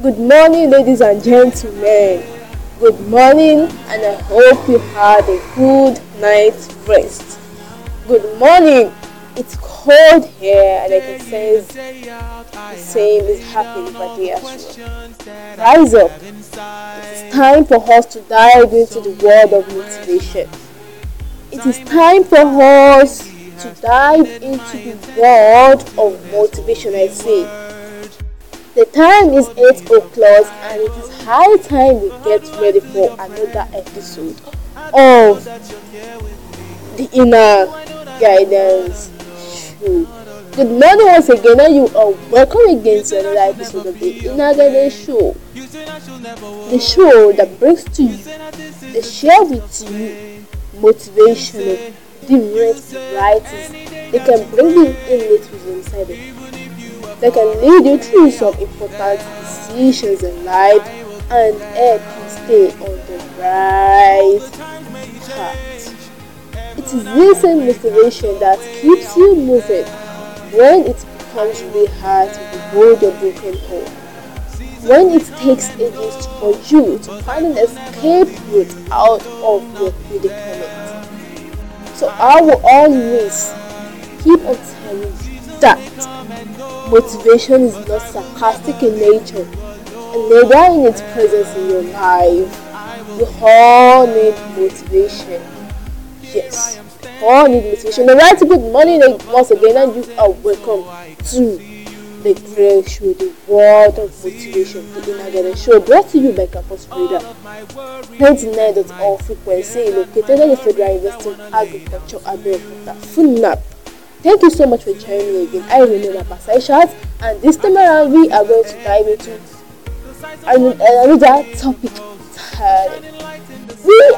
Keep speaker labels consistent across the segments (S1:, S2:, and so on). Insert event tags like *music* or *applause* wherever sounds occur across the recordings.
S1: Good morning, ladies and gentlemen. Good morning, and I hope you had a good night's rest. Good morning. It's cold here, and I can sense the same is happening by the well. Rise up. It's time for us to dive into the world of motivation. It is time for us to dive into the world of motivation, I say the time is 8 o'clock and it is high time we get ready for another episode of the Inner Guidance Show. Good morning once again and you are welcome again to another episode of the Inner Guidance Show. The show that brings to you, the share with you motivation, different varieties. They can bring you in it with inside it that can lead you through some important decisions in life and help you stay on the right path. It is this same motivation that keeps you moving when it becomes really hard to hold your broken home. When it takes ages for you to find an escape route out of your predicament. So I will always keep on telling you that motivation is not sarcastic in nature and neither in its presence in your life. you all need motivation. Yes, all need motivation. And right, good morning once again, and you are welcome to the Great Show, the world of motivation, the Inagada Show, brought to you by Campus Radar. all oh frequency located at the Federal University of Agriculture, Abeokuta, nap. Thank you so much for joining me again. I remain a Shot, and this time around we are going to dive into another topic. We,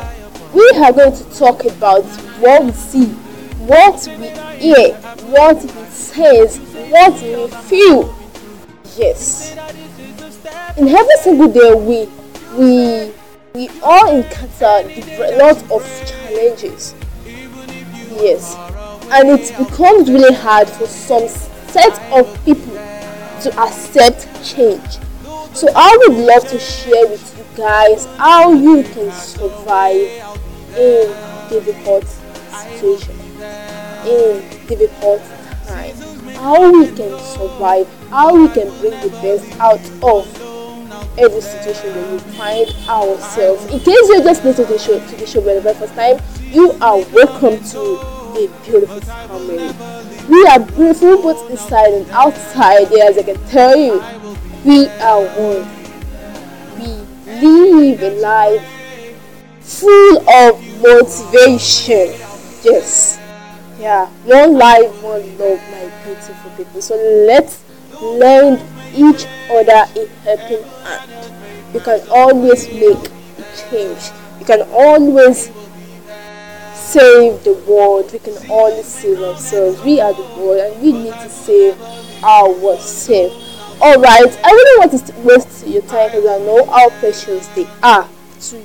S1: we are going to talk about what we see, what we hear, what we say, what we feel. Yes. In every single day, we we we all encounter a lot of challenges. Yes and it becomes really hard for some set of people to accept change. So I would love to share with you guys how you can survive in difficult situation, in difficult time, how we can survive, how we can bring the best out of every situation that we find ourselves. In case you're just listening to the show, to the show for the very first time, you are welcome to a beautiful family. We are beautiful both inside and outside, yes, I can tell you. We are one. We live a life full of motivation. Yes. Yeah. One life, one love, my beautiful people. So let's lend each other a helping hand. You can always make a change. You can always save the world. We can only save ourselves. We are the world and we need to save ourselves. Alright, I wouldn't want to waste your time because I know how precious they are to you.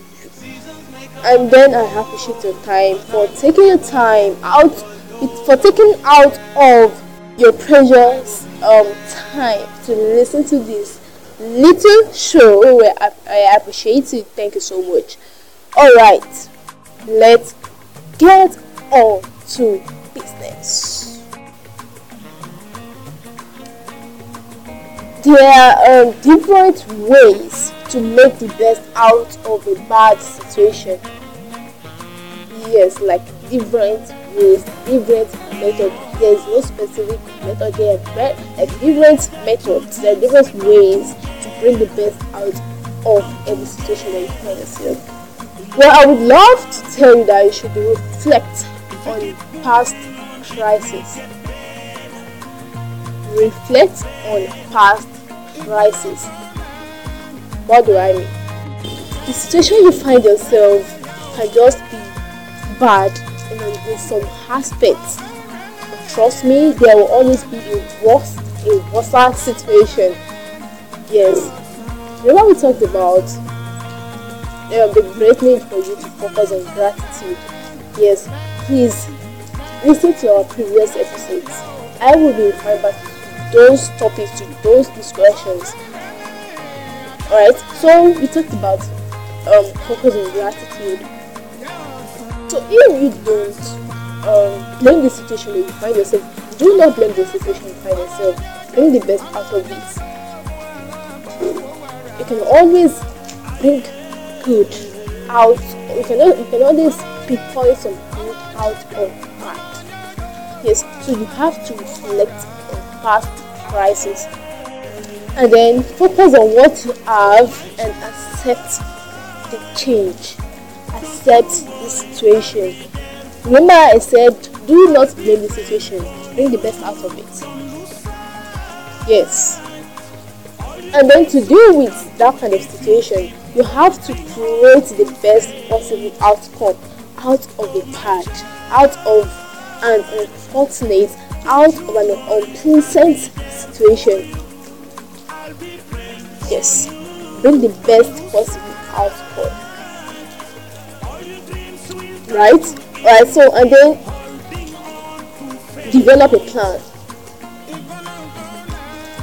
S1: And then I appreciate your time for taking your time out, for taking out of your precious um, time to listen to this little show. I, I appreciate it. Thank you so much. Alright, let's get on to business. There are um, different ways to make the best out of a bad situation. Yes, like different ways, different methods. There is no specific method there, but like different methods, there are different ways to bring the best out of every situation that you find yourself well, I would love to tell you that you should reflect on past crises. Reflect on past crises. What do I mean? The situation you find yourself can just be bad in, in some aspects. But trust me, there will always be a worse, a worse situation. Yes. Remember we talked about um, the great need for you to focus on gratitude. Yes, please listen to our previous episodes. I will be referring back to those topics, to those discussions. Alright, so we talked about um, focus on gratitude. So if you don't um, blame the situation where you find yourself, do not blame the situation you find yourself. Bring the best out of it. You can always bring good out you cannot you cannot always pinpoint some good out of bad yes so you have to reflect on past crises and then focus on what you have and accept the change accept the situation remember i said do not blame the situation bring the best out of it yes and then to deal with that kind of situation you have to create the best possible outcome out of the patch, out of an unfortunate, out of an unpleasant situation. Yes, bring the best possible outcome. Right? Alright, so and then develop a plan.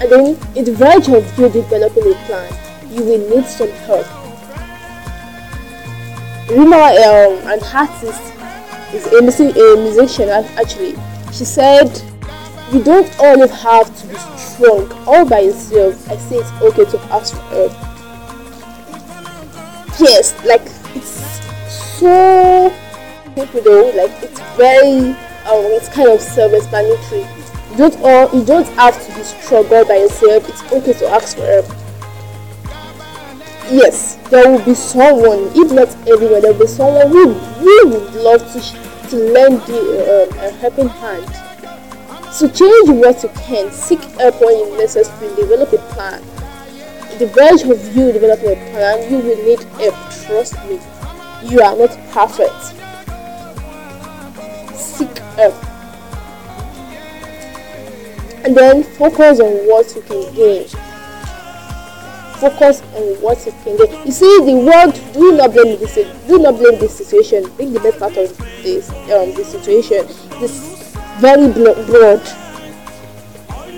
S1: And then, in the verge of you developing a plan, you will need some help Rima, um, an artist, is a, a musician actually. She said, "You don't always have to be strong all by yourself. I say it's okay to ask for help." Yes, like it's so though. Like it's very, um, it's kind of self-explanatory. You don't all, you don't have to be strong all by yourself. It's okay to ask for help yes, there will be someone, if not everyone, there will be someone who really would love to, to lend the um, a helping hand. So change what you can, seek help when you necessary, develop a plan. The verge of you developing a plan, you will need help, trust me. You are not perfect. Seek help. And then focus on what you can gain focus on what you can get. You see, the world do not blame this. Do not blame this situation. Make the best part of this um the situation. This very broad.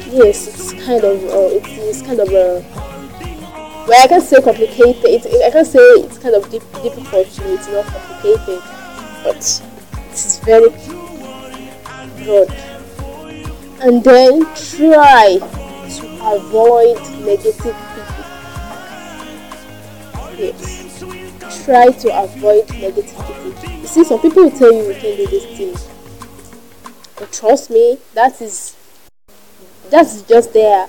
S1: Yes, it's kind of uh, it is kind of a. Uh, well, I can say complicated. It, I can say it's kind of deep, difficult to me. It's not complicated, but it's very broad. And then try to avoid negative Try to avoid negative people. You see, some people will tell you you can do this thing. But trust me, that is that is just their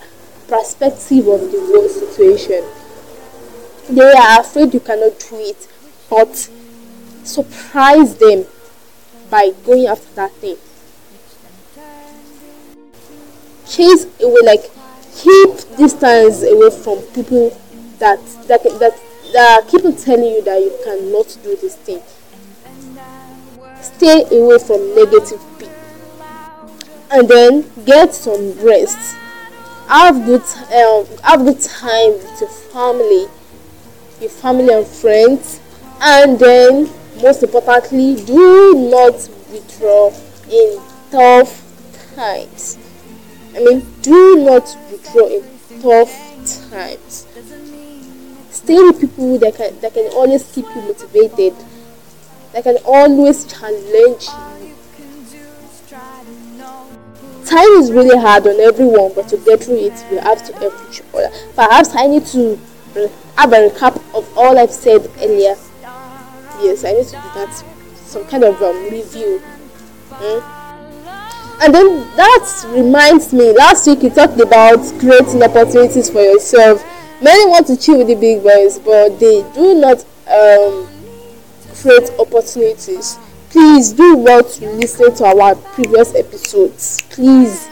S1: perspective of the whole situation. They are afraid you cannot do it, but surprise them by going after that thing. Chase away, like keep distance away from people that that that that keep on telling you that you cannot do this thing. Stay away from negative people. And then get some rest. Have good um, have good time with your family, your family and friends, and then most importantly, do not withdraw in tough times. I mean, do not withdraw in tough times stay with people that can that can always keep you motivated that can always challenge you time is really hard on everyone but to get through it we have to help each other perhaps i need to have a recap of all i've said earlier yes i need to do that some kind of um, review mm? and then that reminds me last week you talked about creating opportunities for yourself Many want to chill with the big boys, but they do not um, create opportunities. Please do well to listen to our previous episodes. Please,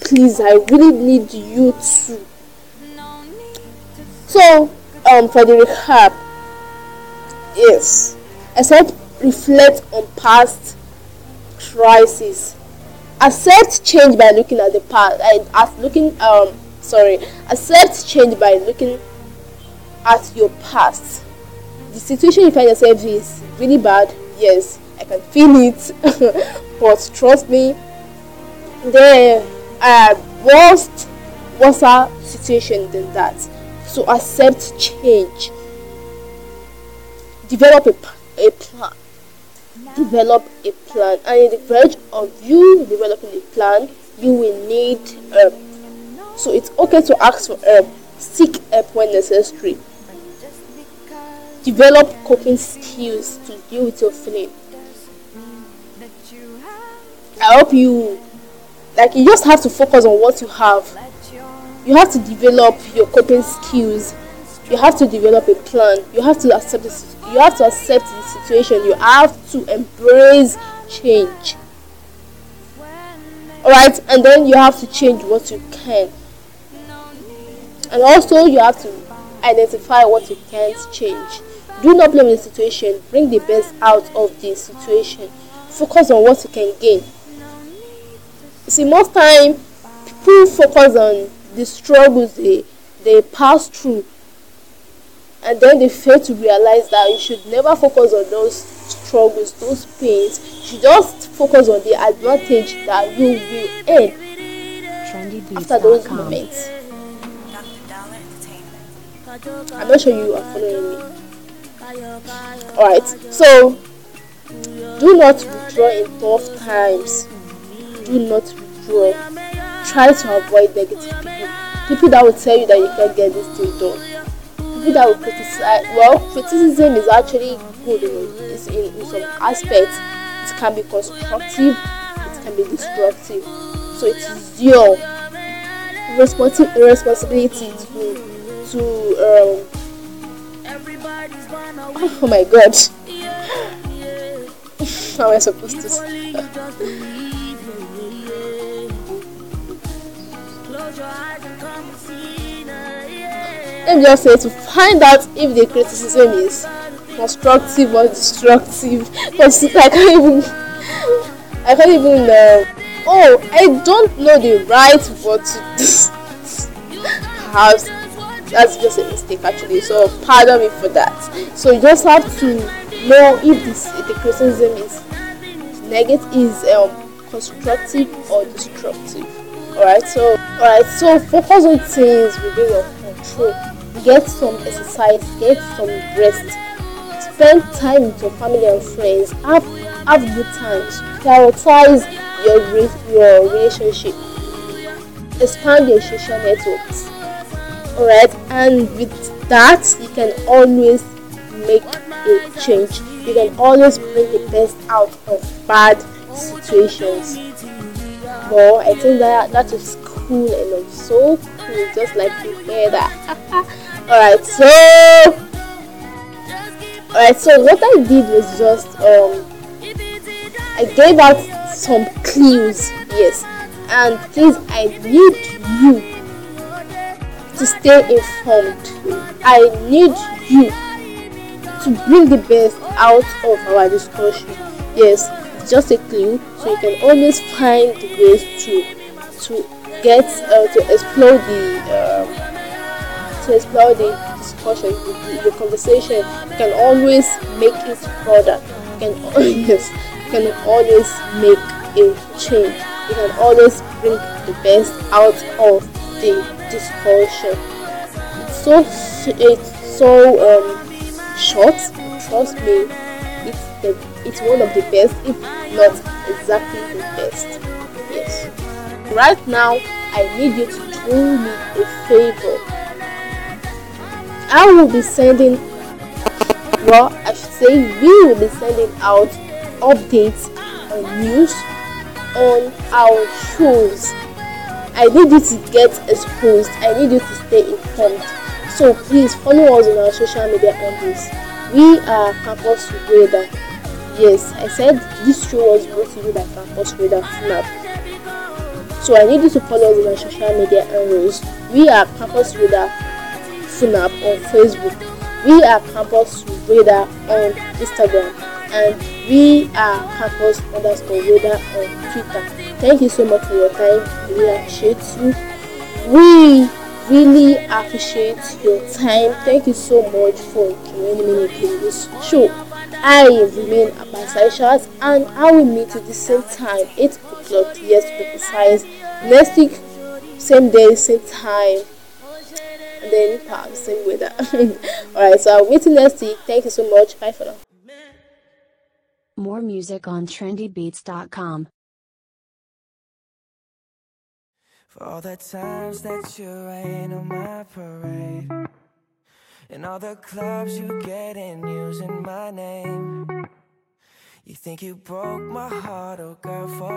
S1: please, I really need you to. So, um, for the recap, yes, except reflect on past crises accept change by looking at the past and as looking um sorry accept change by looking at your past the situation you find yourself is really bad yes i can feel it *laughs* but trust me there are um, worst worse situation than that so accept change develop a, a plan develop a plan and in the verge of you developing a plan you will need um, so it's okay to ask for help, seek help when necessary. Develop coping skills to deal with your feelings. I hope you like you just have to focus on what you have. You have to develop your coping skills. You have to develop a plan. You have to accept this, you have to accept the situation. You have to embrace change. Alright, and then you have to change what you can. And also, you have to identify what you can't change. Do not blame the situation, bring the best out of the situation. Focus on what you can gain. See, most time people focus on the struggles they, they pass through and then they fail to realize that you should never focus on those struggles, those pains. You just focus on the advantage that you will earn after those moments. I'm not sure you are following me. Alright, so do not withdraw in tough times. Do not withdraw. Try to avoid negative people. People that will tell you that you can't get this thing done. People that will criticize. Well, criticism is actually good in, in, in some aspects. It can be constructive, it can be destructive. So it is your responsi- responsibility to to. Um, oh my god. *laughs* How am I supposed to. *laughs* Let me just say to find out if the criticism is constructive or destructive. Because *laughs* I can't even. I can't even. Um, oh, I don't know the right word to this. House that's just a mistake actually so pardon me for that so you just have to know if this if the criticism is negative is um, constructive or destructive all right so all right so focus on things within your control get some exercise get some rest spend time with your family and friends have have good times prioritize your your relationship expand your social networks alright and with that you can always make a change you can always bring the best out of bad situations well i think that that is cool and i'm so cool just like you. hear that. alright so alright so what i did was just um i gave out some clues yes and things i need you to stay informed. I need you to bring the best out of our discussion. Yes, it's just a clue, so you can always find the ways to to get uh, to explore the um, to explore the discussion, the, the, conversation. You can always make it further. You can always *laughs* oh, you can always make a change. You can always bring the best out of the this whole It's so it's so um short. Trust me, it's the it's one of the best, if not exactly the best. Yes. Right now, I need you to do me a favor. I will be sending, well, I should say, we will be sending out updates and news on our shows I need you to get exposed. I need you to stay informed. So please follow us on our social media handles. We are Campus Radar. Yes, I said this show was brought to you by Campus Radar FUNAP. So I need you to follow us on our social media handles. We are Campus Radar Funab on Facebook. We are Campus Radar on Instagram. And we are Campus underscore Radar on Twitter. Thank you so much for your time. We really appreciate you. We really appreciate your time. Thank you so much for joining me in this show. I remain Abasai and I will meet you the same time, 8 o'clock, yes, to be precise. Next week, same day, same time, and then perhaps same weather. *laughs* Alright, so I'll wait till next week. Thank you so much. Bye for now. More music on trendybeats.com. For all the times that you rain on my parade And all the clubs you get in using my name You think you broke my heart, oh girl, for